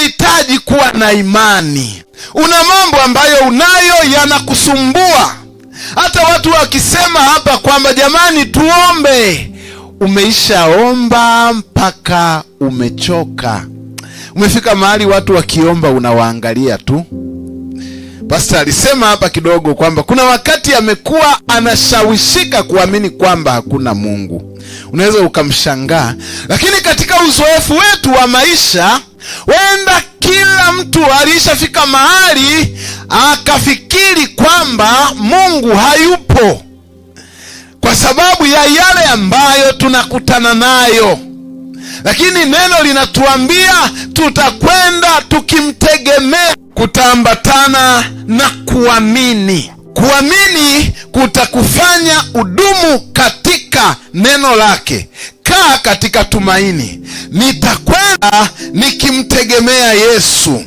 unahitaji kuwa na imani. Una mambo ambayo unayo yanakusumbua, hata watu wakisema hapa kwamba jamani, tuombe, umeishaomba mpaka umechoka. Umefika mahali watu wakiomba unawaangalia tu. Pasta alisema hapa kidogo kwamba kuna wakati amekuwa anashawishika kuamini kwamba hakuna Mungu. Unaweza ukamshangaa, lakini katika uzoefu wetu wa maisha Wenda kila mtu alishafika mahali akafikiri kwamba Mungu hayupo kwa sababu ya yale ambayo tunakutana nayo, lakini neno linatuambia tutakwenda tukimtegemea, kutaambatana na kuamini. Kuamini kutakufanya udumu katika neno lake katika tumaini, nitakwenda nikimtegemea Yesu.